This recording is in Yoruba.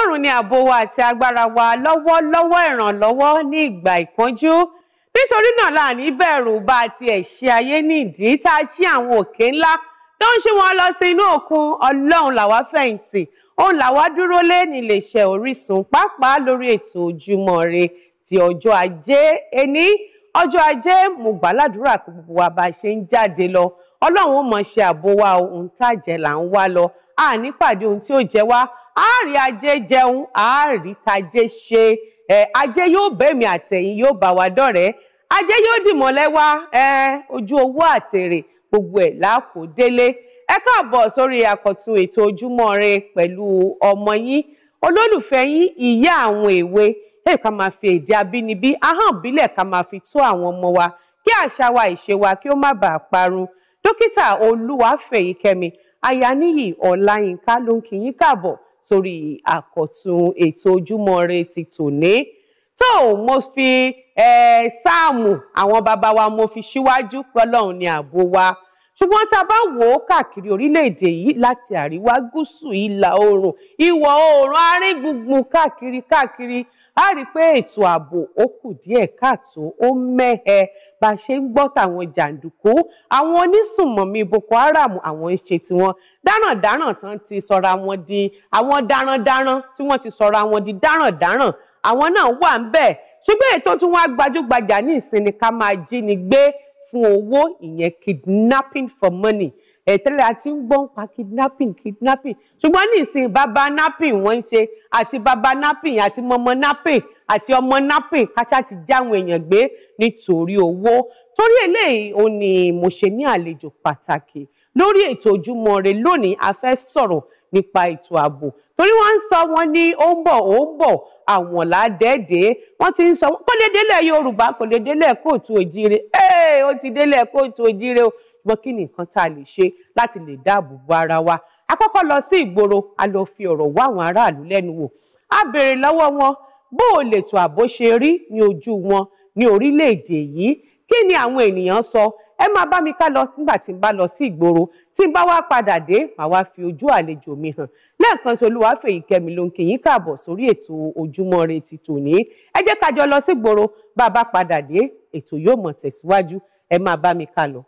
ọlọ́run ni ààbò wa àti agbára wa lọ́wọ́ lọ́wọ́ ìrànlọ́wọ́ ní ìgbà ìpọ́njú nítorí náà là ní bẹ̀rù bá ti ẹ̀ṣẹ̀ ayé nídìí tá a ṣí àwọn òkè ńlá tó ń ṣe wọn lọ sí inú òkun ọlọ́run làwa fẹ̀yìntì òun làwa dúró lé níléeṣẹ́ Orísun pàápàá lórí ètò Ojúmọ́ Ire ti ọjọ́ ajé ẹni ọjọ́ ajé mo gbàládùúrà pé gbogbo wa bá ṣe ń jáde lọ ọlọ́run ó mọ̀ ṣe ààbò wa ohun tá a jẹ là ń wá lọ àní pàdé ohun tí ó jẹ wá àárí ajé jẹun àárí tajé ṣe ẹ ajé yóò bẹ̀mí àtẹ̀yìn yóò bá wa dọ̀rẹ́ ajé yóò dìmọ̀ lẹ́wà ẹ ojú owó àtèrè gbogbo ẹ̀ láàkó délé ẹ káàbọ̀ sórí àkọ́tún ètò ojúmọ́ ire pẹ̀lú ọmọ yín olólùfẹ́ yín ìyá àwọn èwe ẹ ká máa fi èdè abínibí ahọ́n ìbílẹ̀ ká máa fi tó àwọn ọmọ wa kí àṣà wa ìṣe wa kí ó má bàa parun dókítà olúwàfẹ̀yìkẹ́mi ayáníyì ọláyínká ló ń kí yín káàbọ̀ sórí àkọ̀tún ètò ojúmọ́ ire ti tòní tó mo fi sáàmù àwọn bàbá wa mo fi síwájú pọlọ́run ní ààbò wa ṣùgbọ́n tá a bá wò ó káàkiri orílẹ̀-èdè yìí láti àríwá gúúsù ìlà oòrùn ìwọ̀ oòrùn arín káàkiri káàkiri a rí i pé ètò ààbò ó kù díẹ̀ káàtó ó mẹ́hẹ bá a ṣe ń gbọ́ tàwọn jàǹdùkú àwọn onísùnmọ̀mí Boko Haram àwọn ń ṣe tiwọn dáràndáràn tán ti sọra wọn di àwọn darandaran tí wọ́n ti sọra wọn di dáràndáràn àwọn náà wà ń bẹ̀ ṣùgbọ́n ètò tí wọ́n á gbajúgbajà ní ìsinmi ká máa jí ni gbé fún owó ìyẹn kidnapping for money ẹ̀tẹ́lẹ̀ àti ń gbọ́n pa kidnapping kidnapping ṣùgbọ́n ní ìsìn bàbá napping wọ́n ń ṣe àti bàbá napping àti mọmọ napping àti ọmọ napping káṣá ti já àwọn èèyàn gbé nítorí owó torí eléyìí ò ní mo ṣe ní àlejò pàtàkì lórí ètò Ojúmọ́ Ire lónìí a fẹ́ sọ̀rọ̀ nípa ètò ààbò torí wọ́n ń sọ wọ́n ní ó ń bọ̀ ó ń bọ̀ àwọn ládẹẹdẹ wọ́n ti ń sọ kó lè délẹ̀ Yorùbá kó lè délẹ̀ kóòtù òjire ó ti délẹ̀ kóòtù òjire o ṣùgbọ́n kí ni nǹkan tá a lè ṣe láti lè dáàbò bo ara wa a kọ́kọ́ lọ sí ìgboro a lọ fi ọ̀rọ̀ wá àwọn aráàlú lẹ́nu wò a béèrè lọ́wọ́ wọn bó o lètò ààbò ṣe rí ní ojú wọn ní orílẹ̀-èdè yìí kí ni àwọn ènìyàn sọ ẹ máa bá mi ká lọ nígbà tí n bá lọ sí ìgboro tí n bá wá padà dé màá wá fi ojú àlejò mi hàn lẹ́ẹ̀kan sí Olúwafẹ́yìkẹ́mi ló ń kí yín káàbọ̀ sórí ètò Ojúmọ́ Ire ti tòní ẹ jẹ́ ká lọ sí ìgboro bá a bá padà dé ètò yóò mọ̀ tẹ̀síwájú ẹ máa bá mi ká lọ.